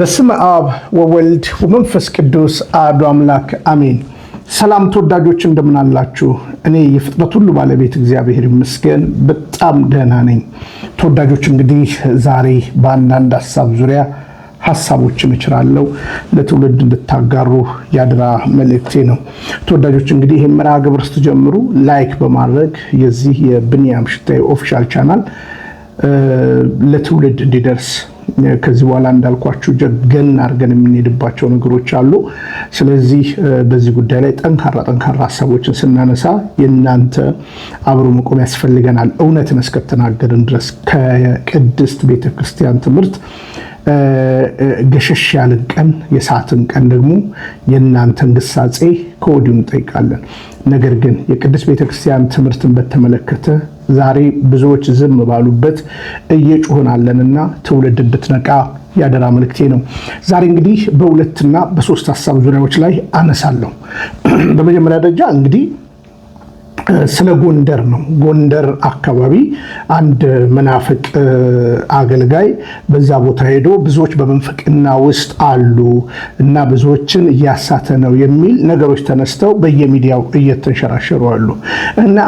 በስም አብ ወወልድ ወመንፈስ ቅዱስ አሐዱ አምላክ አሜን። ሰላም ተወዳጆች እንደምን አላችሁ? እኔ የፍጥረት ሁሉ ባለቤት እግዚአብሔር ይመስገን በጣም ደህና ነኝ። ተወዳጆች እንግዲህ ዛሬ በአንዳንድ ሀሳብ ዙሪያ ሀሳቦችን እችራለሁ ለትውልድ እንድታጋሩ ያድራ መልእክቴ ነው። ተወዳጆች እንግዲህ ይህ መርሃ ግብር ስትጀምሩ ላይክ በማድረግ የዚህ የብንያም ሽታዬ ኦፊሻል ቻናል ለትውልድ እንዲደርስ ከዚህ በኋላ እንዳልኳችሁ ገን አድርገን የምንሄድባቸው ነገሮች አሉ። ስለዚህ በዚህ ጉዳይ ላይ ጠንካራ ጠንካራ ሀሳቦችን ስናነሳ የእናንተ አብሮ መቆም ያስፈልገናል። እውነትን እስከተናገርን ድረስ ከቅድስት ቤተክርስቲያን ትምህርት ገሸሽ ያልን ቀን የሰዓትን ቀን ደግሞ የእናንተን ግሳጼ ከወዲሁ እንጠይቃለን። ነገር ግን የቅድስት ቤተክርስቲያን ትምህርትን በተመለከተ ዛሬ ብዙዎች ዝም ባሉበት እየጮህን አለንና ትውልድ እንድትነቃ ያደራ መልክቴ ነው። ዛሬ እንግዲህ በሁለትና በሶስት ሀሳብ ዙሪያዎች ላይ አነሳለሁ። በመጀመሪያ ደረጃ እንግዲህ ስለ ጎንደር ነው። ጎንደር አካባቢ አንድ መናፍቅ አገልጋይ በዛ ቦታ ሄዶ ብዙዎች በመንፍቅና ውስጥ አሉ እና ብዙዎችን እያሳተ ነው የሚል ነገሮች ተነስተው በየሚዲያው እየተንሸራሸሩ አሉ እና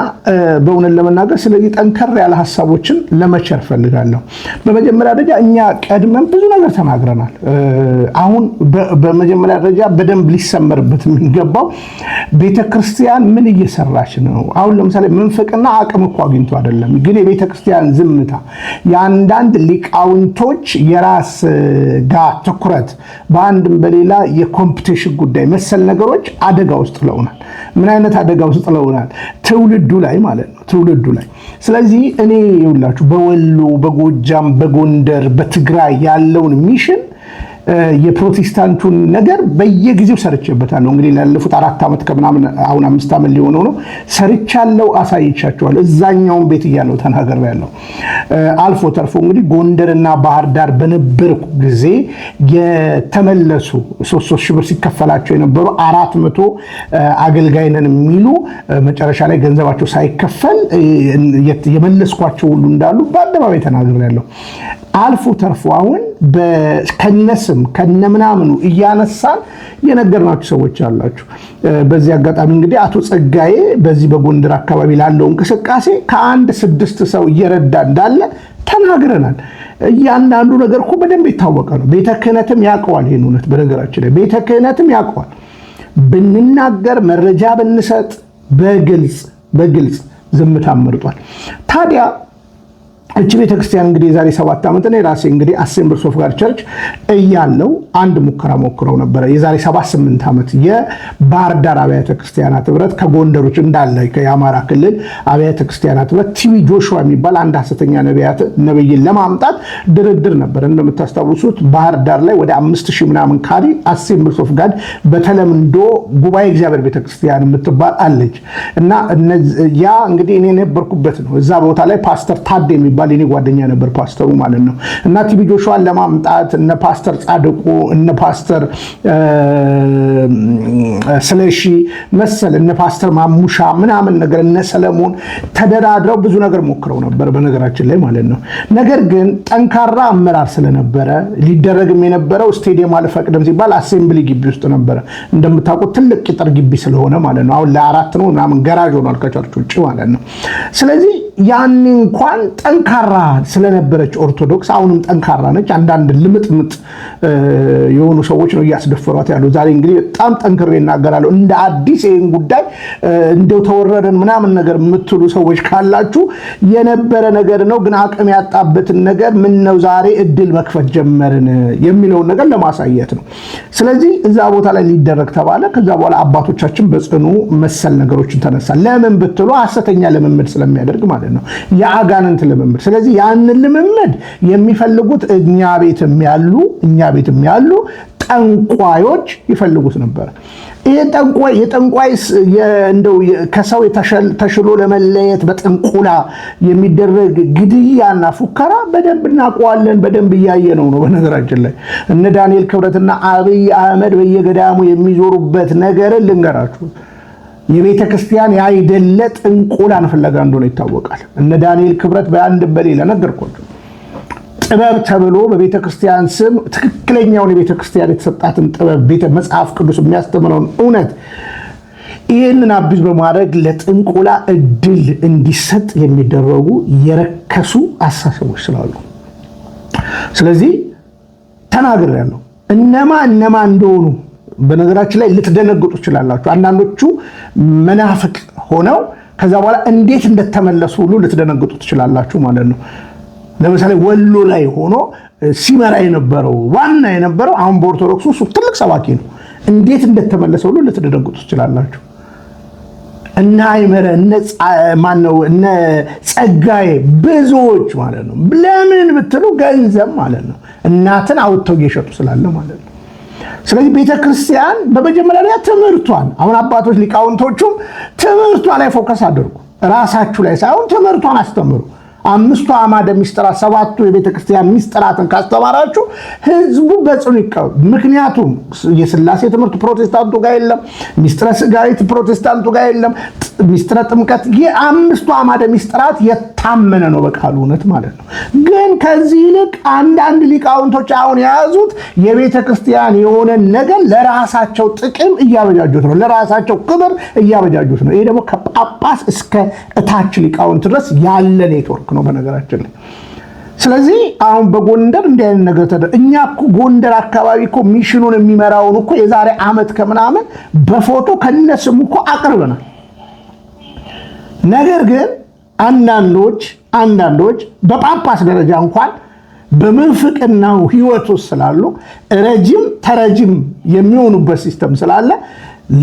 በእውነት ለመናገር ስለዚህ ጠንከር ያለ ሀሳቦችን ለመቸር ፈልጋለሁ። በመጀመሪያ ደረጃ እኛ ቀድመን ብዙ ነገር ተናግረናል። አሁን በመጀመሪያ ደረጃ በደንብ ሊሰመርበት የሚገባው ቤተክርስቲያን ምን እየሰራች ነው አሁን ለምሳሌ ምንፍቅና አቅም እኮ አግኝቶ አይደለም፣ ግን የቤተ ክርስቲያን ዝምታ የአንዳንድ ሊቃውንቶች የራስ ጋር ትኩረት በአንድም በሌላ የኮምፒቴሽን ጉዳይ መሰል ነገሮች አደጋ ውስጥ ለውናል። ምን አይነት አደጋ ውስጥ ለውናል? ትውልዱ ላይ ማለት ነው፣ ትውልዱ ላይ። ስለዚህ እኔ ይውላችሁ በወሎ በጎጃም በጎንደር በትግራይ ያለውን ሚሽን የፕሮቴስታንቱን ነገር በየጊዜው ሰርቼበታለሁ። እንግዲህ ላለፉት አራት ዓመት ከምናምን አሁን አምስት ዓመት ሊሆነ ሆኖ ሰርቻለሁ፣ አሳይቻቸዋለሁ። እዛኛውን ቤት እያለሁ ያለው አልፎ ተርፎ እንግዲህ ጎንደርና ባህር ዳር በነበርኩ ጊዜ የተመለሱ ሶስት ሶስት ሺህ ብር ሲከፈላቸው የነበሩ አራት መቶ አገልጋይ የሚሉ መጨረሻ ላይ ገንዘባቸው ሳይከፈል የመለስኳቸው ሁሉ እንዳሉ በአደባባይ ተናግሬያለሁ። አልፎ ተርፎ አሁን ከነስም ከነምናምኑ እያነሳን የነገርናችሁ ሰዎች አላችሁ። በዚህ አጋጣሚ እንግዲህ አቶ ጸጋዬ በዚህ በጎንደር አካባቢ ላለው እንቅስቃሴ ከአንድ ስድስት ሰው እየረዳ እንዳለ ተናግረናል። እያንዳንዱ ነገር እኮ በደንብ የታወቀ ነው። ቤተ ክህነትም ያውቀዋል ይህን እውነት። በነገራችን ላይ ቤተ ክህነትም ያውቀዋል። ብንናገር መረጃ ብንሰጥ በግልጽ በግልጽ ዝምታ መርጧል። ታዲያ እቺ ቤተክርስቲያን እንግዲህ የዛሬ ሰባት ዓመት ላይ ራሴ እንግዲህ አሴምብርስ ኦፍ ጋድ ቸርች እያለው አንድ ሙከራ ሞክረው ነበረ። የዛሬ ሰባት ስምንት ዓመት የባህር ዳር አብያተ ክርስቲያናት ህብረት ከጎንደሮች እንዳለ የአማራ ክልል አብያተ ክርስቲያናት ህብረት ቲቪ ጆሹዋ የሚባል አንድ ሐሰተኛ ነብይን ለማምጣት ድርድር ነበር። እንደምታስታውሱት ባህር ዳር ላይ ወደ አምስት ሺህ ምናምን ካሪ አሴምብርስ ኦፍ ጋድ በተለምዶ ጉባኤ እግዚአብሔር ቤተክርስቲያን የምትባል አለች እና ያ እንግዲህ እኔ ነበርኩበት ነው። እዛ ቦታ ላይ ፓስተር ታድ የሚባል የሚባል የኔ ጓደኛ ነበር ፓስተሩ ማለት ነው። እና ቲቪ ጆሹዋን ለማምጣት እነ ፓስተር ጻድቁ እነ ፓስተር ስለሺ መሰል እነ ፓስተር ማሙሻ ምናምን ነገር እነ ሰለሞን ተደራድረው ብዙ ነገር ሞክረው ነበር በነገራችን ላይ ማለት ነው። ነገር ግን ጠንካራ አመራር ስለነበረ ሊደረግም የነበረው ስቴዲየም አልፈቅድም ሲባል አሴምብሊ ግቢ ውስጥ ነበረ እንደምታውቁት ትልቅ ቅጥር ግቢ ስለሆነ ማለት ነው። አሁን ለአራት ነው ምናምን ገራዥ ሆኗል ከቸርች ውጭ ማለት ነው። ስለዚህ ያኔ እንኳን ጠንካራ ስለነበረች ኦርቶዶክስ አሁንም ጠንካራ ነች። አንዳንድ ልምጥምጥ የሆኑ ሰዎች ነው እያስደፈሯት ያሉ። ዛሬ እንግዲህ በጣም ጠንክሬ ይናገራሉ። እንደ አዲስ ይህን ጉዳይ እንደው ተወረደን ምናምን ነገር የምትሉ ሰዎች ካላችሁ የነበረ ነገር ነው፣ ግን አቅም ያጣበትን ነገር ምን ነው ዛሬ እድል መክፈት ጀመርን የሚለውን ነገር ለማሳየት ነው። ስለዚህ እዛ ቦታ ላይ ሊደረግ ተባለ። ከዛ በኋላ አባቶቻችን በጽኑ መሰል ነገሮችን ተነሳ። ለምን ብትሉ ሐሰተኛ ልምምድ ስለሚያደርግ ማለት ማለት ነው። የአጋንንት ልምምድ። ስለዚህ ያንን ልምምድ የሚፈልጉት እኛ ቤትም ያሉ እኛ ቤትም ያሉ ጠንቋዮች ይፈልጉት ነበር። ይህ ጠንቋይ የጠንቋይ እንደው ከሰው ተሽሎ ለመለየት በጥንቁላ የሚደረግ ግድያና ፉከራ በደንብ እናውቀዋለን። በደንብ እያየ ነው ነው በነገራችን ላይ እነ ዳንኤል ክብረትና አብይ አህመድ በየገዳሙ የሚዞሩበት ነገርን ልንገራችሁ። የቤተ ክርስቲያን ያይደለ ጥንቁላን ፍለጋ እንደሆነ ይታወቃል። እነ ዳንኤል ክብረት በአንድ በሌላ ነገርኳቸው። ጥበብ ተብሎ በቤተ ክርስቲያን ስም ትክክለኛውን የቤተ ክርስቲያን የተሰጣትን ጥበብ ቤተ መጽሐፍ ቅዱስ የሚያስተምረውን እውነት ይህንን አቢዝ በማድረግ ለጥንቁላ እድል እንዲሰጥ የሚደረጉ የረከሱ አሳሰቦች ስላሉ ስለዚህ ተናግሬያለሁ። እነማ እነማ እንደሆኑ በነገራችን ላይ ልትደነግጡ ትችላላችሁ። አንዳንዶቹ መናፍቅ ሆነው ከዛ በኋላ እንዴት እንደተመለሱ ሁሉ ልትደነግጡ ትችላላችሁ ማለት ነው። ለምሳሌ ወሎ ላይ ሆኖ ሲመራ የነበረው ዋና የነበረው አሁን በኦርቶዶክሱ እሱ ትልቅ ሰባኪ ነው። እንዴት እንደተመለሰ ሁሉ ልትደነግጡ ትችላላችሁ። እነ አይመረ ማነው እነ ጸጋዬ ብዙዎች ማለት ነው። ለምን ብትሉ ገንዘብ ማለት ነው። እናትን አውጥተው እየሸጡ ስላለ ማለት ነው። ስለዚህ ቤተ ክርስቲያን በመጀመሪያ ትምህርቷን አሁን አባቶች ሊቃውንቶቹም ትምህርቷ ላይ ፎከስ አድርጉ። ራሳችሁ ላይ ሳይሆን ትምህርቷን አስተምሩ። አምስቱ አማደ ሚስጥራት፣ ሰባቱ የቤተ ክርስቲያን ሚስጥራትን ካስተማራችሁ ህዝቡ በጽኑ ይቀበል። ምክንያቱም የስላሴ ትምህርት ፕሮቴስታንቱ ጋር የለም፣ ሚስጥረ ስጋዊት ፕሮቴስታንቱ ጋር የለም፣ ሚስጥረ ጥምቀት። የአምስቱ አማደ ሚስጥራት የታመነ ነው በቃሉ እውነት ማለት ነው። ግን ከዚህ ይልቅ አንዳንድ ሊቃውንቶች አሁን የያዙት የቤተ ክርስቲያን የሆነ ነገር ለራሳቸው ጥቅም እያበጃጁት ነው፣ ለራሳቸው ክብር እያበጃጁት ነው። ይሄ ደግሞ ከጳጳስ እስከ እታች ሊቃውንት ድረስ ያለ ኔትወርክ ነው በነገራችን ላይ። ስለዚህ አሁን በጎንደር እንዲህ አይነት ነገር ተደ እኛ ጎንደር አካባቢ እኮ ሚሽኑን የሚመራውን እኮ የዛሬ ዓመት ከምናምን በፎቶ ከነስም እኮ አቅርበናል። ነገር ግን አንዳንዶች አንዳንዶች በጳጳስ ደረጃ እንኳን በምንፍቅናው ሕይወት ውስጥ ስላሉ ረጅም ተረጅም የሚሆኑበት ሲስተም ስላለ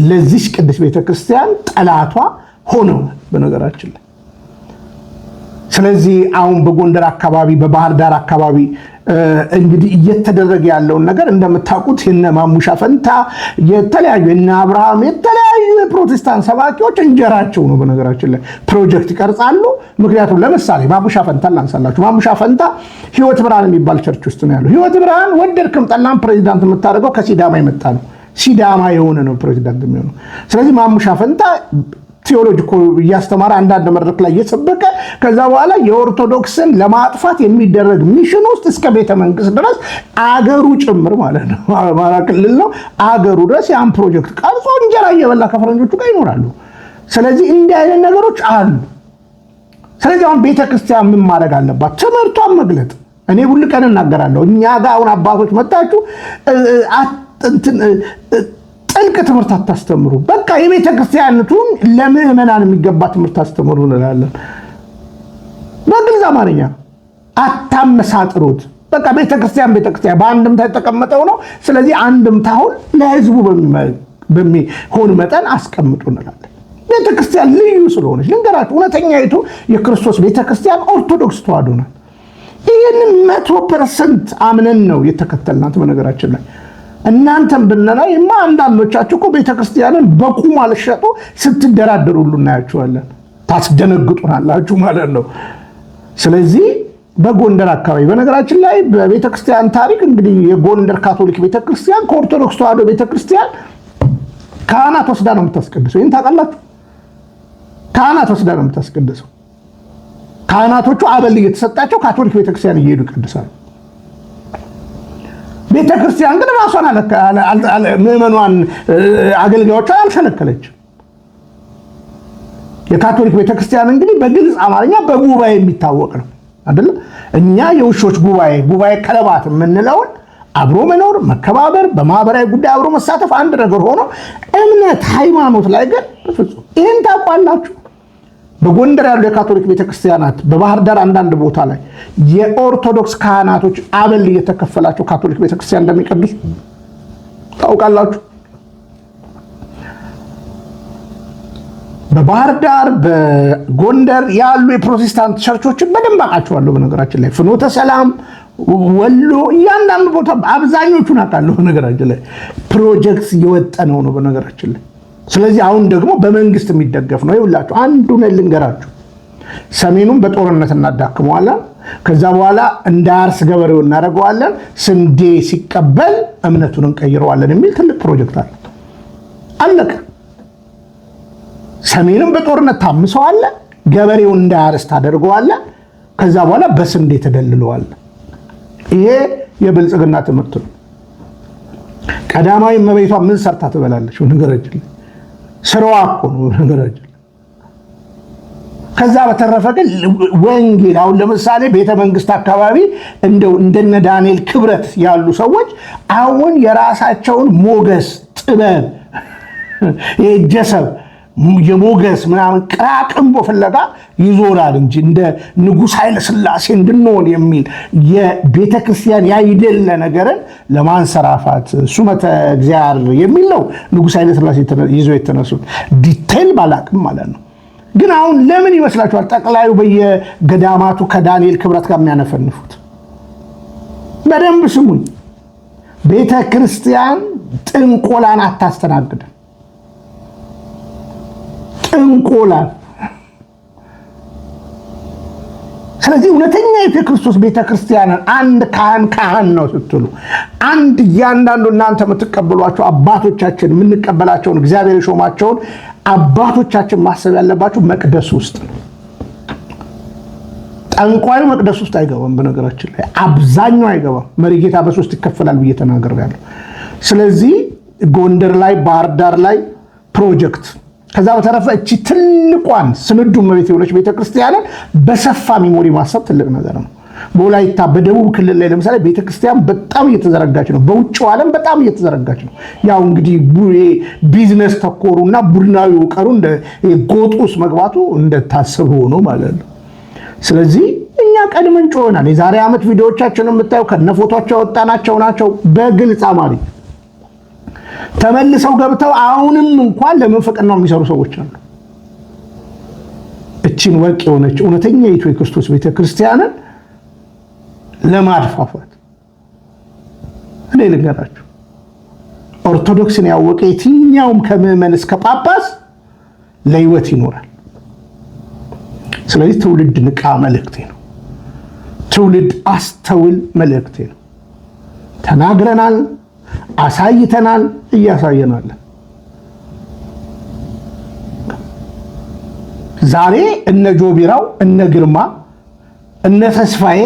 ለዚች ቅድስት ቤተክርስቲያን ጠላቷ ሆነው በነገራችን ላይ ስለዚህ አሁን በጎንደር አካባቢ በባህር ዳር አካባቢ እንግዲህ እየተደረገ ያለውን ነገር እንደምታውቁት የነ ማሙሻ ፈንታ የተለያዩ የነ አብርሃም የተለያዩ የፕሮቴስታንት ሰባኪዎች እንጀራቸው ነው። በነገራችን ላይ ፕሮጀክት ይቀርጻሉ። ምክንያቱም ለምሳሌ ማሙሻ ፈንታ ላንሳላችሁ። ማሙሻ ፈንታ ህይወት ብርሃን የሚባል ቸርች ውስጥ ነው ያለው። ህይወት ብርሃን ወደድክም ጠላም ፕሬዚዳንት የምታደርገው ከሲዳማ የመጣ ነው። ሲዳማ የሆነ ነው ፕሬዚዳንት የሚሆነው። ስለዚህ ማሙሻ ፈንታ ቴዎሎጂ እኮ እያስተማረ አንዳንድ መድረክ ላይ እየሰበከ ከዛ በኋላ የኦርቶዶክስን ለማጥፋት የሚደረግ ሚሽን ውስጥ እስከ ቤተ መንግስት ድረስ አገሩ ጭምር ማለት ነው። አማራ ክልል ነው አገሩ ድረስ ያን ፕሮጀክት ቀርጾ እንጀራ እየበላ ከፈረንጆቹ ጋር ይኖራሉ። ስለዚህ እንዲህ አይነት ነገሮች አሉ። ስለዚህ አሁን ቤተክርስቲያን ምን ማድረግ አለባት? ትምህርቷን መግለጥ። እኔ ሁል ቀን እናገራለሁ። እኛ ጋር አሁን አባቶች መጣችሁ ጥልቅ ትምህርት አታስተምሩ። በቃ የቤተ ክርስቲያንቱን ለምእመናን የሚገባ ትምህርት አስተምሩ እንላለን። በግልጽ አማርኛ አታመሳጥሩት። በቃ ቤተክርስቲያን ክርስቲያን በአንድምታ የተቀመጠው ነው። ስለዚህ አንድምታውን ለህዝቡ በሚሆን መጠን አስቀምጡ እንላለን። ቤተክርስቲያን ልዩ ስለሆነች ልንገራችሁ፣ እውነተኛይቱ የክርስቶስ ክርስቲያን ኦርቶዶክስ ተዋዶ ናት። ይህንን መቶ ፐርሰንት አምነን ነው የተከተልናት በነገራችን ላይ እናንተን ብንላይ ማ አንዳንዶቻችሁ እኮ ቤተክርስቲያንን በቁም አልሸጡ ስትደራደሩ ሁሉ እናያችኋለን። ታስደነግጡናላችሁ ማለት ነው። ስለዚህ በጎንደር አካባቢ በነገራችን ላይ በቤተክርስቲያን ታሪክ እንግዲህ የጎንደር ካቶሊክ ቤተክርስቲያን ከኦርቶዶክስ ተዋሕዶ ቤተክርስቲያን ካህናት ወስዳ ነው የምታስቀድሰው። ይህን ታውቃላችሁ። ካህናት ወስዳ ነው የምታስቀድሰው። ካህናቶቹ አበል እየተሰጣቸው ካቶሊክ ቤተክርስቲያን እየሄዱ ይቀድሳሉ። ቤተ ክርስቲያን ግን ራሷን ምእመኗን አገልጋዮቿን አልሸነከለች። የካቶሊክ ቤተ ክርስቲያን እንግዲህ በግልጽ አማርኛ በጉባኤ የሚታወቅ ነው አይደለም። እኛ የውሾች ጉባኤ ጉባኤ ከለባት የምንለውን አብሮ መኖር፣ መከባበር፣ በማህበራዊ ጉዳይ አብሮ መሳተፍ አንድ ነገር ሆኖ እምነት ሃይማኖት ላይ ግን በፍጹም ይህን ታውቋላችሁ በጎንደር ያሉ የካቶሊክ ቤተክርስቲያናት፣ በባህር ዳር አንዳንድ ቦታ ላይ የኦርቶዶክስ ካህናቶች አበል እየተከፈላቸው ካቶሊክ ቤተክርስቲያን እንደሚቀድሱ ታውቃላችሁ። በባህር ዳር በጎንደር ያሉ የፕሮቴስታንት ቸርቾችን በደንብ አውቃቸዋለሁ። በነገራችን ላይ ፍኖተ ሰላም፣ ወሎ፣ እያንዳንዱ ቦታ አብዛኞቹን አውቃለሁ። በነገራችን ላይ ፕሮጀክት የወጠነው ነው። በነገራችን ላይ ስለዚህ አሁን ደግሞ በመንግስት የሚደገፍ ነው። ይውላችሁ ነ ልንገራችሁ። ሰሜኑን በጦርነት እናዳክመዋለን። ከዛ በኋላ እንዳያርስ ገበሬው እናደርገዋለን። ስንዴ ሲቀበል እምነቱን እንቀይረዋለን የሚል ትልቅ ፕሮጀክት አለ። አለቀ። ሰሜኑን በጦርነት ታምሰዋለ። ገበሬው እንዳያርስ ታደርገዋለን። ከዛ በኋላ በስንዴ ተደልለዋለ። ይሄ የብልጽግና ትምህርት ነው። ቀዳማዊ እመቤቷ ምን ሰርታ ትበላለች? ንገረችልኝ። ስራዋ እኮ ነው ከዛ በተረፈ ግን ወንጌል አሁን ለምሳሌ ቤተ መንግስት አካባቢ እንደው እንደነ ዳንኤል ክብረት ያሉ ሰዎች አሁን የራሳቸውን ሞገስ ጥበብ የእጀሰብ የሞገስ ምናምን ቅራቅንቦ ፍለጋ ይዞራል እንጂ እንደ ንጉሥ ኃይለ እንድንሆን የሚል የቤተ ክርስቲያን ያይደለ ነገርን ለማንሰራፋት ሱመተ እግዚአብሔር የሚል ነው። ንጉሥ ኃይለ ይዞ የተነሱት ዲቴል ባላቅም ማለት ነው። ግን አሁን ለምን ይመስላችኋል ጠቅላዩ በየገዳማቱ ከዳንኤል ክብረት ጋር የሚያነፈንፉት? በደንብ ስሙኝ። ቤተ ክርስቲያን ጥንቆላን አታስተናግድም። ጥንቆላል። ስለዚህ እውነተኛ የክርስቶስ ቤተ ክርስቲያንን አንድ ካህን ካህን ነው ስትሉ አንድ እያንዳንዱ እናንተ የምትቀበሏቸው አባቶቻችን የምንቀበላቸውን እግዚአብሔር የሾማቸውን አባቶቻችን ማሰብ ያለባቸው መቅደስ ውስጥ ነው። ጠንቋዩ መቅደስ ውስጥ አይገባም። በነገራችን ላይ አብዛኛው አይገባም። መሪጌታ በሶስት ይከፈላል ብዬ ተናግሬያለሁ። ስለዚህ ጎንደር ላይ፣ ባህር ዳር ላይ ፕሮጀክት ከዛ በተረፈ እቺ ትልቋን ስንዱ መቤት የሆነች ቤተክርስቲያንን በሰፋ ሚሞሪ ማሰብ ትልቅ ነገር ነው። በወላይታ በደቡብ ክልል ላይ ለምሳሌ ቤተክርስቲያን በጣም እየተዘረጋች ነው። በውጭው ዓለም በጣም እየተዘረጋች ነው። ያው እንግዲህ ቢዝነስ ተኮሩ እና ቡድናዊ ውቀሩ ጎጡስ መግባቱ እንደታሰብ ሆኖ ማለት ነው። ስለዚህ እኛ ቀድመን ጮሆናል። የዛሬ ዓመት ቪዲዮዎቻችን የምታየው ከነፎቶቸው ያወጣናቸው ናቸው በግልጽ አማርኛ ተመልሰው ገብተው አሁንም እንኳን ለመንፈቅናው የሚሰሩ ሰዎች አሉ። እቺን ወርቅ የሆነች እውነተኛይቱ የክርስቶስ ቤተክርስቲያንን ለማድፋፋት እኔ ልንገራችሁ፣ ኦርቶዶክስን ያወቀ የትኛውም ከምዕመን እስከ ጳጳስ ለህይወት ይኖራል። ስለዚህ ትውልድ ንቃ መልእክቴ ነው። ትውልድ አስተውል መልእክቴ ነው። ተናግረናል። አሳይተናል፣ እያሳየናለን። ዛሬ እነ ጆቢራው እነ ግርማ እነ ተስፋዬ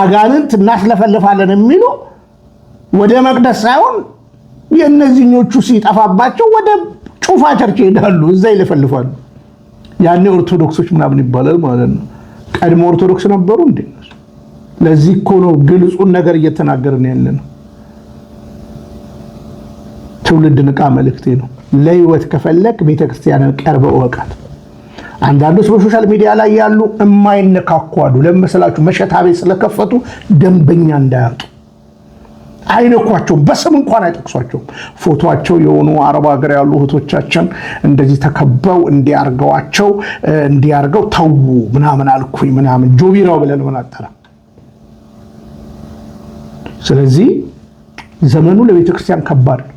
አጋንንት እናስለፈልፋለን የሚሉ ወደ መቅደስ ሳይሆን የእነዚህኞቹ ሲጠፋባቸው ወደ ጩፋ ቸርች ይሄዳሉ፣ እዛ ይለፈልፋሉ። ያኔ ኦርቶዶክሶች ምናምን ይባላል ማለት ነው። ቀድሞ ኦርቶዶክስ ነበሩ እንዴ? ለዚህ እኮ ነው ግልጹን ነገር እየተናገርን ያለ ነው። ትውልድ ንቃ መልእክቴ ነው። ለህይወት ከፈለግ ቤተክርስቲያንን ቀርበ እወቃት። አንዳንዶች በሶሻል ሚዲያ ላይ ያሉ እማይነካኩ አሉ። ለመሰላችሁ መሸታ ቤት ስለከፈቱ ደንበኛ እንዳያጡ አይነኳቸውም። በስም እንኳን አይጠቅሷቸውም። ፎቶቸው የሆኑ አረብ ሀገር ያሉ እህቶቻችን እንደዚህ ተከበው እንዲያርገዋቸው እንዲያርገው ተዉ ምናምን አልኩኝ ምናምን ጆቢራው ብለን ምን አጠራ። ስለዚህ ዘመኑ ለቤተክርስቲያን ከባድ ነው።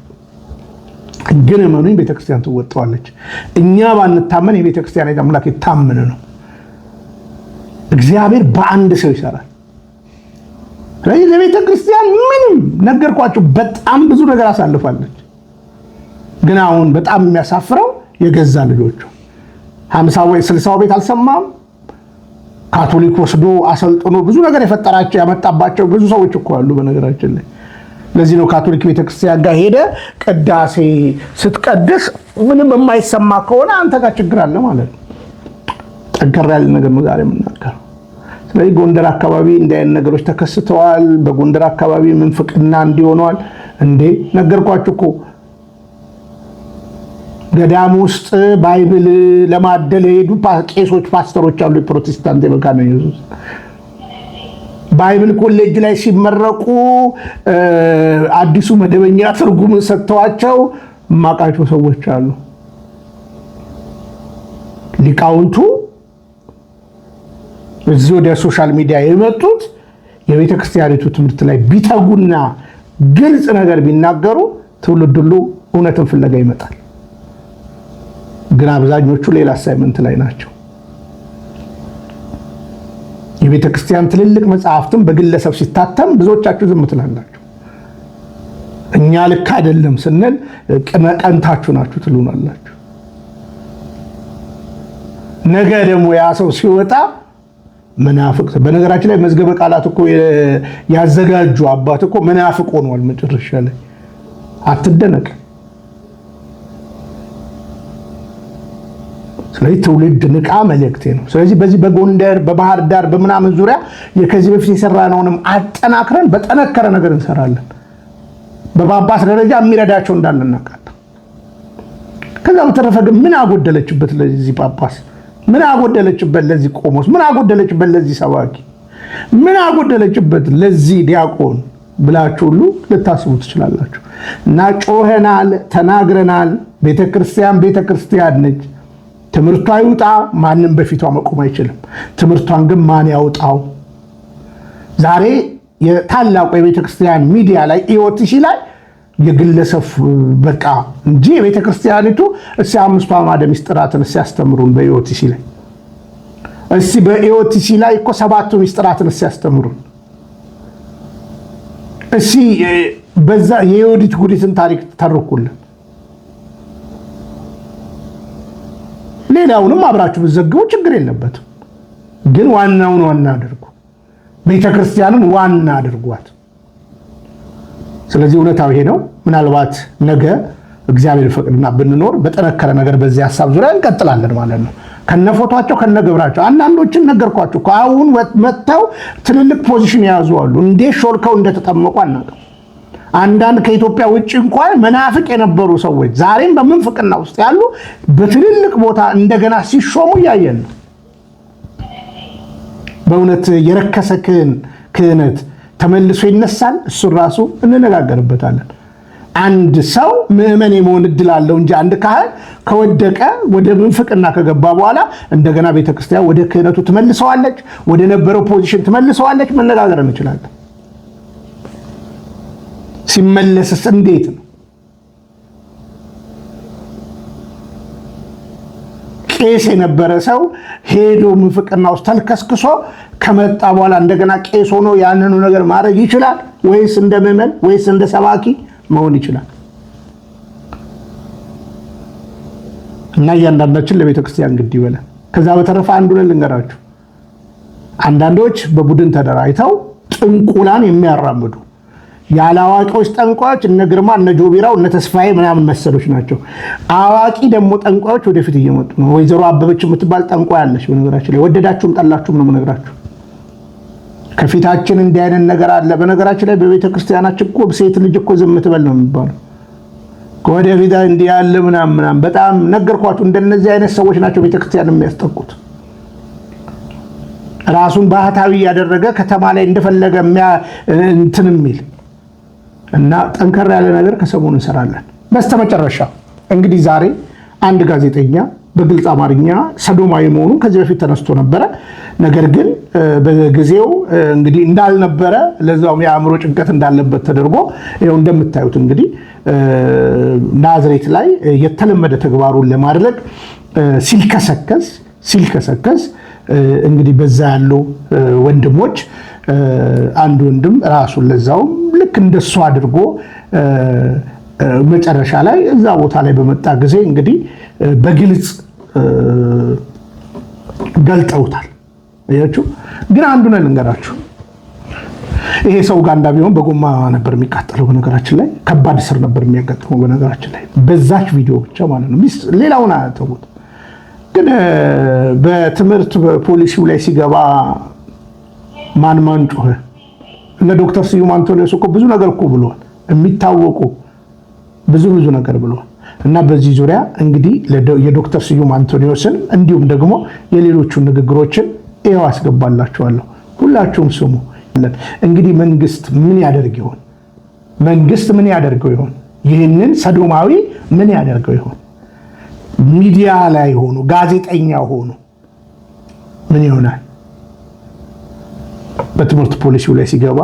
ግን እመኑኝ ቤተክርስቲያን ትወጣዋለች። እኛ ባንታመን የቤተክርስቲያን አምላክ የታመነ ነው። እግዚአብሔር በአንድ ሰው ይሰራል። ስለዚህ ለቤተክርስቲያን ክርስቲያን ምንም ነገርኳቸው። በጣም ብዙ ነገር አሳልፋለች። ግን አሁን በጣም የሚያሳፍረው የገዛ ልጆቹ ሀምሳ ወይ ስልሳው ቤት አልሰማም። ካቶሊክ ወስዶ አሰልጥኖ ብዙ ነገር የፈጠራቸው ያመጣባቸው ብዙ ሰዎች እኮ አሉ በነገራችን ላይ ለዚህ ነው ካቶሊክ ቤተክርስቲያን ጋር ሄደ ቅዳሴ ስትቀድስ ምንም የማይሰማ ከሆነ አንተ ጋር ችግር አለ ማለት ነው። ጠንከር ያለ ነገር ነው ዛሬ የምናገር። ስለዚህ ጎንደር አካባቢ እንዲህ አይነት ነገሮች ተከስተዋል። በጎንደር አካባቢ ምንፍቅና እንዲሆነዋል። እንዴ ነገርኳችሁ እኮ ገዳም ውስጥ ባይብል ለማደል የሄዱ ቄሶች፣ ፓስተሮች አሉ የፕሮቴስታንት የመካነ ኢየሱስ ባይብል ኮሌጅ ላይ ሲመረቁ አዲሱ መደበኛ ትርጉም ሰጥተዋቸው ማቃቸው ሰዎች አሉ። ሊቃውንቱ እዚህ ወደ ሶሻል ሚዲያ የመጡት የቤተ ክርስቲያኒቱ ትምህርት ላይ ቢተጉና ግልጽ ነገር ቢናገሩ ትውልድ ሁሉ እውነትን ፍለጋ ይመጣል። ግን አብዛኞቹ ሌላ አሳይመንት ላይ ናቸው። የቤተ ክርስቲያን ትልልቅ መጽሐፍትም በግለሰብ ሲታተም ብዙዎቻችሁ ዝም ትላላችሁ። እኛ ልክ አይደለም ስንል ቀንታችሁ ናችሁ ትሉናላችሁ። ነገ ደግሞ ያ ሰው ሲወጣ መናፍቅ። በነገራችን ላይ መዝገበ ቃላት እኮ ያዘጋጁ አባት እኮ መናፍቅ ሆኗል። መጨረሻ ላይ አትደነቅ። ስለዚህ ትውልድ ንቃ መልእክቴ ነው። ስለዚህ በዚህ በጎንደር በባህር ዳር በምናምን ዙሪያ ከዚህ በፊት የሰራነውንም አጠናክረን በጠነከረ ነገር እንሰራለን። በባባስ ደረጃ የሚረዳቸው እንዳንናቃል። ከዛ በተረፈ ግን ምን አጎደለችበት ለዚህ ጳጳስ? ምን አጎደለችበት ለዚህ ቆሞስ? ምን አጎደለችበት ለዚህ ሰባኪ? ምን አጎደለችበት ለዚህ ዲያቆን ብላችሁ ሁሉ ልታስቡ ትችላላችሁ። እና ጮኸናል፣ ተናግረናል። ቤተክርስቲያን ቤተክርስቲያን ነች። ትምህርቷ ይውጣ፣ ማንም በፊቷ መቆም አይችልም። ትምህርቷን ግን ማን ያውጣው? ዛሬ የታላቁ የቤተ ክርስቲያን ሚዲያ ላይ ኢዮትሺ ላይ የግለሰብ በቃ እንጂ የቤተ ክርስቲያኒቱ እስ አምስቱ አዕማደ ምስጢራትን ሲያስተምሩን በኢዮትሺ ላይ እስ በኢዮትሺ ላይ እኮ ሰባቱ ምስጢራትን ሲያስተምሩን እስ በዛ የዮዲት ጉዲትን ታሪክ ተርኩልን። ሌላውንም አብራችሁ ብትዘግቡ ችግር የለበትም። ግን ዋናውን ዋና አድርጉ። ቤተ ክርስቲያንን ዋና አድርጓት። ስለዚህ እውነታው ይሄ ነው። ምናልባት ነገ እግዚአብሔር ፍቅድና ብንኖር በጠነከረ ነገር በዚህ ሀሳብ ዙሪያ እንቀጥላለን ማለት ነው። ከነፎቷቸው ከነግብራቸው አንዳንዶችን ነገርኳቸው። አሁን መጥተው ትልልቅ ፖዚሽን የያዙ አሉ። እንዴት ሾልከው እንደተጠመቁ አናውቅም። አንዳንድ ከኢትዮጵያ ውጭ እንኳን መናፍቅ የነበሩ ሰዎች ዛሬም በምንፍቅና ውስጥ ያሉ በትልልቅ ቦታ እንደገና ሲሾሙ እያየን ነው። በእውነት የረከሰ ክህነት ተመልሶ ይነሳል። እሱን ራሱ እንነጋገርበታለን። አንድ ሰው ምዕመን የመሆን እድል አለው እንጂ አንድ ካህን ከወደቀ ወደ ምንፍቅና ከገባ በኋላ እንደገና ቤተክርስቲያን ወደ ክህነቱ ትመልሰዋለች፣ ወደ ነበረው ፖዚሽን ትመልሰዋለች። መነጋገር እንችላለን። ሲመለስስ እንዴት ነው? ቄስ የነበረ ሰው ሄዶ ምንፍቅና ውስጥ ተልከስክሶ ከመጣ በኋላ እንደገና ቄስ ሆኖ ያንኑ ነገር ማድረግ ይችላል ወይስ እንደ ምዕመን ወይስ እንደ ሰባኪ መሆን ይችላል? እና እያንዳንዳችን ለቤተ ክርስቲያን ግድ ይበላል። ከዛ በተረፈ አንዱን ልንገራችሁ፣ አንዳንዶች በቡድን ተደራጅተው ጥንቁላን የሚያራምዱ ያለ አዋቂዎች ጠንቋዮች እነ ግርማ እነ ጆቢራው እነ ተስፋዬ ምናምን መሰሎች ናቸው። አዋቂ ደግሞ ጠንቋዮች ወደፊት እየመጡ ነው። ወይዘሮ አበበች የምትባል ጠንቋይ አለች። በነገራችን ላይ ወደዳችሁም ጠላችሁም ነው የምነግራችሁ። ከፊታችን እንዲህ አይነት ነገር አለ። በነገራችን ላይ በቤተ እኮ ሴት ልጅ እኮ ዝም ትበል ነው የሚባለው። ወደፊት እንዲህ ያለ ምናምን ምናምን በጣም ነገርኳችሁ። እንደነዚህ አይነት ሰዎች ናቸው ቤተክርስቲያን የሚያስጠቁት። ራሱን ባህታዊ እያደረገ ከተማ ላይ እንደፈለገ እንትን የሚል እና ጠንከር ያለ ነገር ከሰሞኑ እንሰራለን። በስተመጨረሻ እንግዲህ ዛሬ አንድ ጋዜጠኛ በግልጽ አማርኛ ሰዶማዊ መሆኑ ከዚህ በፊት ተነስቶ ነበረ። ነገር ግን በጊዜው እንግዲህ እንዳልነበረ ለዛውም የአእምሮ ጭንቀት እንዳለበት ተደርጎ ይኸው እንደምታዩት እንግዲህ ናዝሬት ላይ የተለመደ ተግባሩን ለማድረግ ሲልከሰከስ ሲልከሰከስ እንግዲህ በዛ ያሉ ወንድሞች አንድ ወንድም ራሱን ለዛውም ልክ እንደሱ አድርጎ መጨረሻ ላይ እዛ ቦታ ላይ በመጣ ጊዜ እንግዲህ በግልጽ ገልጠውታል። ያችሁ ግን አንዱ ነን እንገራችሁ ይሄ ሰው ጋንዳ ቢሆን በጎማ ነበር የሚቃጠለው። በነገራችን ላይ ከባድ ስር ነበር የሚያጋጥመው። በነገራችን ላይ በዛች ቪዲዮ ብቻ ማለት ነው። ሚስ ሌላውን አያተቡት። ግን በትምህርት በፖሊሲው ላይ ሲገባ ማን ማን ጮኸ? እነ ዶክተር ስዩም አንቶኒዮስ እኮ ብዙ ነገር እኮ ብሏል። የሚታወቁ ብዙ ብዙ ነገር ብሏል። እና በዚህ ዙሪያ እንግዲህ የዶክተር ስዩም አንቶኒዎስን እንዲሁም ደግሞ የሌሎቹን ንግግሮችን ይኸው አስገባላችኋለሁ። ሁላችሁም ስሙ። እንግዲህ መንግስት ምን ያደርግ ይሆን? መንግስት ምን ያደርገው ይሆን? ይህንን ሰዶማዊ ምን ያደርገው ይሆን? ሚዲያ ላይ ሆኖ ጋዜጠኛ ሆኖ ምን ይሆናል? በትምህርት ፖሊሲው ላይ ሲገባ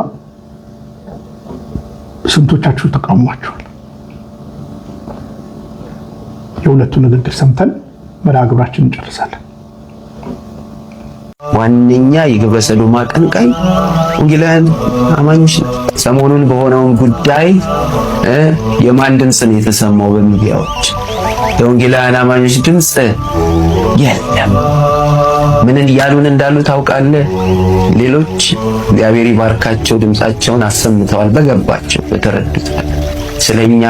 ስንቶቻችሁ ተቃውሟቸዋል? የሁለቱ ንግግር ሰምተን መርሃ ግብራችን እንጨርሳለን። ዋነኛ የግብረ ሰዶም አቀንቃይ ወንጌላውያን አማኞች። ሰሞኑን በሆነውን ጉዳይ የማን ድምፅ ነው የተሰማው? በሚዲያዎች የወንጌላውያን አማኞች ድምፅ የለም። ምን እያሉን እንዳሉ ታውቃለህ? ሌሎች እግዚአብሔር ይባርካቸው ድምጻቸውን አሰምተዋል፣ በገባቸው በተረዱት። ስለኛ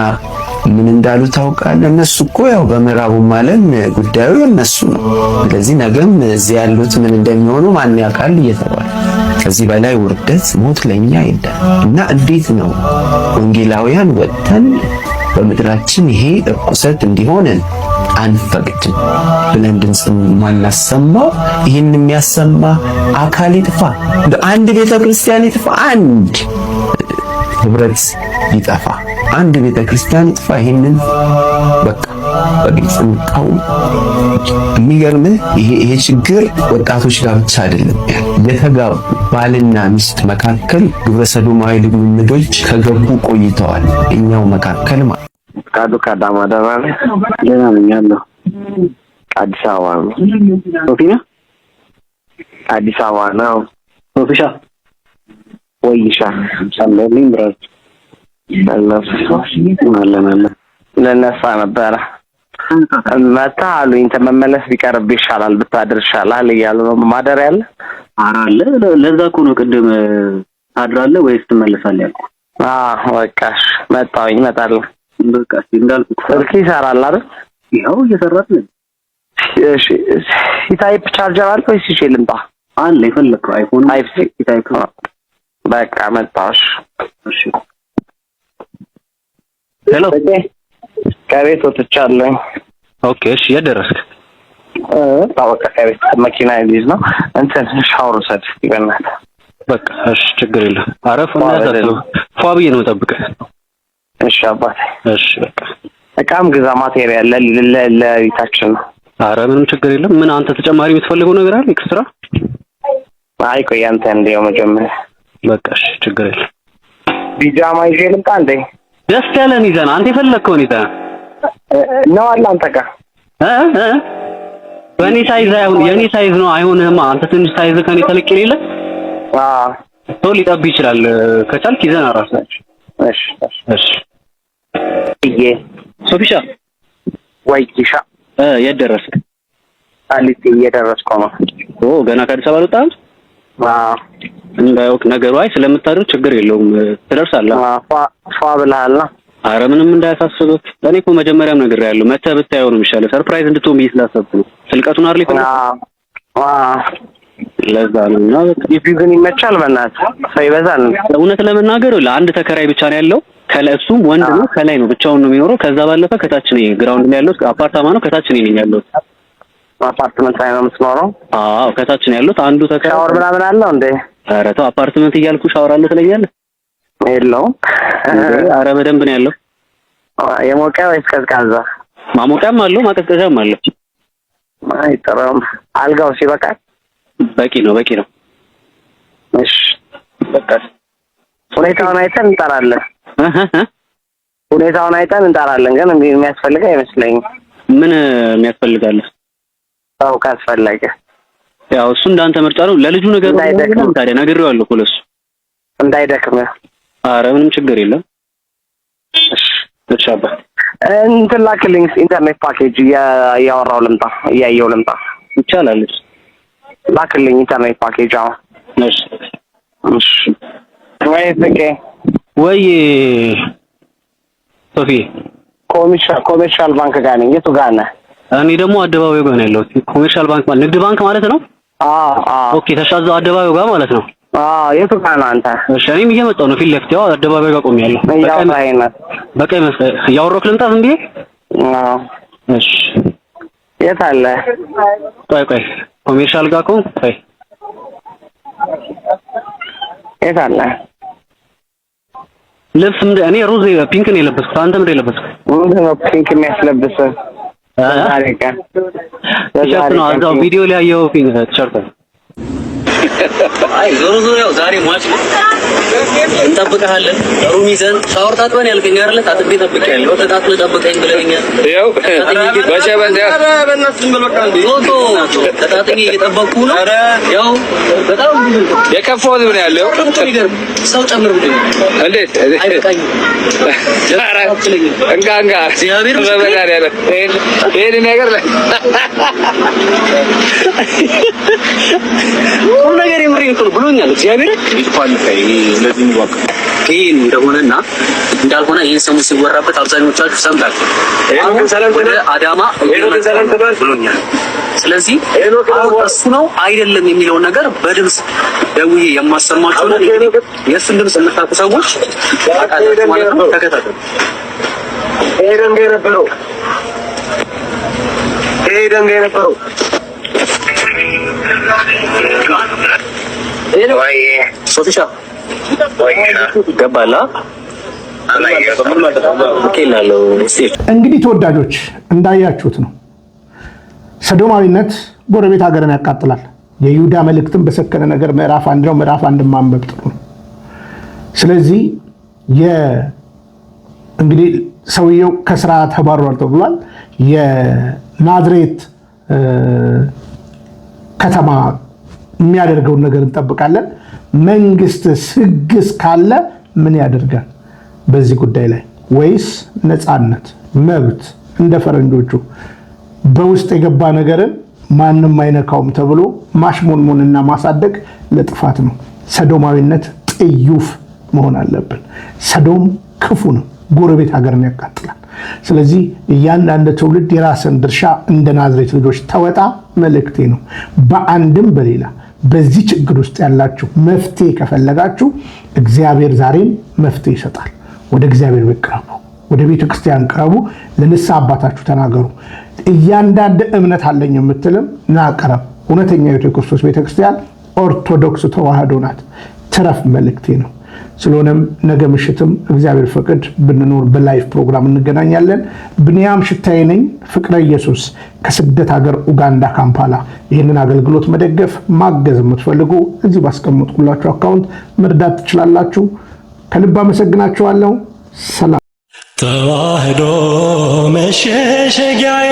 ምን እንዳሉ ታውቃለህ? እነሱ እኮ ያው በምዕራቡ ማለን ጉዳዩ እነሱ ነው። ስለዚህ ነገም እዚህ ያሉት ምን እንደሚሆኑ ማን ያውቃል እየተባለ ከዚህ በላይ ውርደት ሞት ለኛ የለም እና እንዴት ነው ወንጌላውያን ወጥተን በምድራችን ይሄ እርኩሰት እንዲሆንን አንፈቅድም ብለን ድምፅ ማናሰማው ይህን የሚያሰማ አካል ይጥፋ፣ አንድ ቤተ ክርስቲያን ይጥፋ፣ አንድ ህብረት ይጠፋ፣ አንድ ቤተ ክርስቲያን ይጥፋ። ይህንን በቃ በግልጽ እንቃወም። የሚገርምህ ይሄ ይሄ ችግር ወጣቶች ጋር ብቻ አይደለም ያለ የተጋቡ ባልና ሚስት መካከል ግብረ ሰዶማዊ ልምምዶች ከገቡ ቆይተዋል። እኛው መካከል ማለት ፈቃዱ ከአዳማ ደራ ላይ ደህና ነኝ ያለው አዲስ አበባ ነው። ሶፊና አዲስ አበባ ነው። ሶፊሻ ወይሻ ብራት ብራዝ ልነሳ ነበረ መታ አሉኝ። መመለስ ቢቀርብ ይሻላል ብታድር ይሻላል እያሉ ነው። ማደር ያለ አራለ ለዛ እኮ ነው ቅድም ታድራለህ ወይስ ትመለሳለህ ያልኩህ። በቃ መጣሁኝ፣ እመጣለሁ በቃ እንዳልኩት ስልክ ይሰራል አይደል? ያው እየሰራት ነው። እሺ ሲታይፕ ቻርጀር አለ ወይስ ይዤ ልምጣ? አለ የፈለግከው አይፎን አይፍ ሲታይፕ በቃ መጣሽ። እሺ ሄሎ፣ ከቤት ወጥቻለሁ። ኦኬ፣ እሺ የት ደረስክ? በቃ ከቤት መኪና ይዝ ነው እንትን ሻወር ውሰድ ይበናል። በቃ እሺ፣ ችግር የለም። አረፍ እና ፏ ብዬ ነው የምጠብቅህ እሺ አባት፣ እሺ በቃ እቃም ግዛ ማቴሪያል ለቤታችን ነው። አረ ምንም ችግር የለም። ምን አንተ ተጨማሪ የምትፈልገው ነገር አለ ኤክስትራ? አይ ቆይ አንተ እንደው መጀመሪያ በቃ እሺ፣ ችግር የለም። ቢጃማ ይዤ ልምጣ እንዴ? ደስ ያለን ይዘን አንተ የፈለግከውን ይዘና ነው አለ አንተ ጋር እ እ በእኔ ሳይዝ አይሁን የእኔ ሳይዝ ነው አይሆንህማ። አንተ ትንሽ ሳይዝ ከኔ ተለቅ የሌለ አዎ ሰው ሊጠብ ይችላል። ከቻልክ ይዘን ይዘና ራስህ እሺ እሺ ጥዬ ሶፊሻ ወይጂሻ የት ደረስክ? ቃሊቲ እየደረስኩ ነው። ኦ ገና ከአዲስ አበባ አልወጣህም? እንዳያውቅ ነገሩ። አይ ስለምታደር ችግር የለውም ትደርሳለህ። ፏ ብለሃል። አረ ምንም እንዳያሳስብህ። እኔ እኮ መጀመሪያም ነግሬሃለሁ መተህ ብታየው ነው የሚሻለው። ሰርፕራይዝ እንድትሆን ብዬ ስላሰብኩ ነው። ስልቀቱን አርሊ ለዛ ነው እና ግቢው ግን ይመቻል። በእናትህ ሰው ይበዛል። እውነት ለመናገር ለአንድ ተከራይ ብቻ ነው ያለው። እሱም ወንድ ነው። ከላይ ነው ብቻውን ነው የሚኖረው። ከዛ ባለፈ ከታች ነው ግራውንድ ላይ ያለው አፓርታማ ነው። ከታች ነው ያለው አፓርትመንት ላይ ነው የምትኖረው? አዎ ከታች ነው ያለው። አንዱ ተከራይ ሻወር ምናምን አለው እንዴ? ኧረ ተው አፓርትመንት እያልኩ ሻወር አለ ትለኛለህ? የለውም። ኧረ በደንብ ነው ያለው። የሞቀ ወይስ ቀዝቃዛ? ማሞቂያም አለው ማቀዝቀዣም አለው። አይ አይጠራም። አልጋው ሲበቃል በቂ ነው፣ በቂ ነው። እሺ በቃ ሁኔታውን አይተን እንጠራለን። ሁኔታውን አይተን እንጠራለን። ግን የሚያስፈልግ አይመስለኝም። ምን የሚያስፈልጋል? አው ካስፈለገ ያው እሱ እንዳንተ ምርጫ ነው። ለልጁ ነገር ነው። ታዲያ ነግሬዋለሁ እኮ ለእሱ እንዳይደክም። አረ ምንም ችግር የለም። እሺ እሺ አባት እንትን ላክልኝ ኢንተርኔት ፓኬጅ እያወራሁ ልምጣ፣ እያየሁ ልምጣ። ይቻላል። እሺ ላክልኝ ኢንተርኔት ፓኬጅ። አሁን ወይ ፍቄ ወይ ሶፊ ኮሜርሻል ባንክ ጋር ነኝ። የቱ ጋር ነህ? እኔ ደግሞ አደባባዩ ጋር ነው ያለሁት። ኮሜርሻል ባንክ ማለት ንግድ ባንክ ማለት ነው። አዎ፣ አዎ። ኦኬ፣ ተሻዘው አደባባዩ ጋር ማለት ነው። የቱ ጋር ነህ አንተ? እሺ፣ እኔም እየመጣሁ ነው። ፊት ለፊት ያው አደባባዩ ጋር ቆሜያለሁ። በቀኝ መስቀል እያወራሁ ልምጣ ዝም እሺ። የት አለ? ቆይ ቆይ ኮሜርሻል ጋር ከሆንክ ተይ። የት አለ ልብስ? ምንድን እኔ ሮዝ ፒንክ ነው የለበስኩት። አንተ ምንድን የለበስኩት? ምንድን ነው ፒንክ የሚያስለብስህ? ቲሸርት ነው። እዛው ቪዲዮ ላይ ያየኸው ቲሸርት ነው። አይ ዞሮ ዞሮ ያው ዛሬ ሟች ነው፣ እንጠብቀሃለን። ሩም ይዘን ሻወር ታጥበን ያልከኝ አይደለ? ታጥቤ ጠብቄያለሁ። ተጣጥሎ ጠብቀኝ ብለኸኛል። ያው ተጣጥኜ እየጠበኩህ ነው። ያው በጣም የከፋሁት ምን ያለው ሰው ጨምር ብለኝ እንዴት አይበቃኝም። እንካ እንካ እግዚአብሔር ይመስገን ያለ ይሄን ነገር ላይ እኮ ብሎኛል እግዚአብሔር ታይ ይሄ እንደሆነና እንዳልሆነ ይህን ሰሙ ሲወራበት አብዛኞቻችሁ ሰምታችሁ ወደ አዳማ ይሄን ሰላም ብሎኛል። ስለዚህ እሱ ነው አይደለም የሚለውን ነገር በድምጽ ደውዬ የማሰማችሁ ነው። የእሱን ድምጽ የምታውቁ ሰዎች ተከታተሉ። ይሄ ደንጋ የነበረው ይሄ ደንጋ የነበረው እንግዲህ ተወዳጆች እንዳያችሁት ነው። ሰዶማዊነት ጎረቤት ሀገርን ያቃጥላል። የይሁዳ መልእክትን በሰከነ ነገር ምዕራፍ አንድ ነው። ምዕራፍ አንድ ማንበብ ጥሩ ነው። ስለዚህ እንግዲህ ሰውየው ከስራ ተባሯል ተብሏል። የናዝሬት ከተማ የሚያደርገውን ነገር እንጠብቃለን። መንግስትስ፣ ህግስ ካለ ምን ያደርጋል በዚህ ጉዳይ ላይ? ወይስ ነፃነት፣ መብት እንደ ፈረንጆቹ በውስጥ የገባ ነገርን ማንም አይነካውም ተብሎ ማሽሞንሞንና ማሳደግ ለጥፋት ነው። ሰዶማዊነት ጥዩፍ መሆን አለብን። ሰዶም ክፉ ነው። ጎረቤት ሀገርን ያቃጥላል። ስለዚህ እያንዳንድ ትውልድ የራስን ድርሻ እንደ ናዝሬት ልጆች ተወጣ መልእክቴ ነው። በአንድም በሌላ በዚህ ችግር ውስጥ ያላችሁ መፍትሄ ከፈለጋችሁ እግዚአብሔር ዛሬም መፍትሄ ይሰጣል። ወደ እግዚአብሔር ቤት ቅረቡ፣ ወደ ቤተ ክርስቲያን ቅረቡ፣ ለንስሐ አባታችሁ ተናገሩ። እያንዳንድ እምነት አለኝ የምትልም ናቀረብ። እውነተኛ የክርስቶስ ቤተ ክርስቲያን ኦርቶዶክስ ተዋህዶ ናት። ትረፍ መልእክቴ ነው። ስለሆነም ነገ ምሽትም እግዚአብሔር ፈቅድ ብንኖር በላይፍ ፕሮግራም እንገናኛለን። ብንያም ሽታዬ ነኝ። ፍቅረ ኢየሱስ ከስደት ሀገር ኡጋንዳ ካምፓላ። ይህንን አገልግሎት መደገፍ ማገዝ የምትፈልጉ እዚህ ባስቀመጥኩላችሁ አካውንት መርዳት ትችላላችሁ። ከልብ አመሰግናችኋለሁ። ሰላም። ተዋህዶ መሸሸጊያዬ፣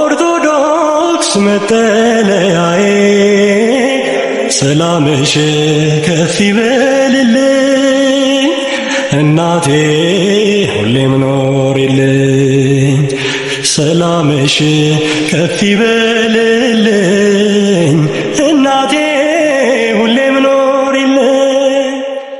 ኦርቶዶክስ መጠለያዬ ሰላምሽ ከፍ ይበልልኝ እናቴ ሁሌም ኖሪልኝ ሰላምሽ ከፍ ይበልልኝ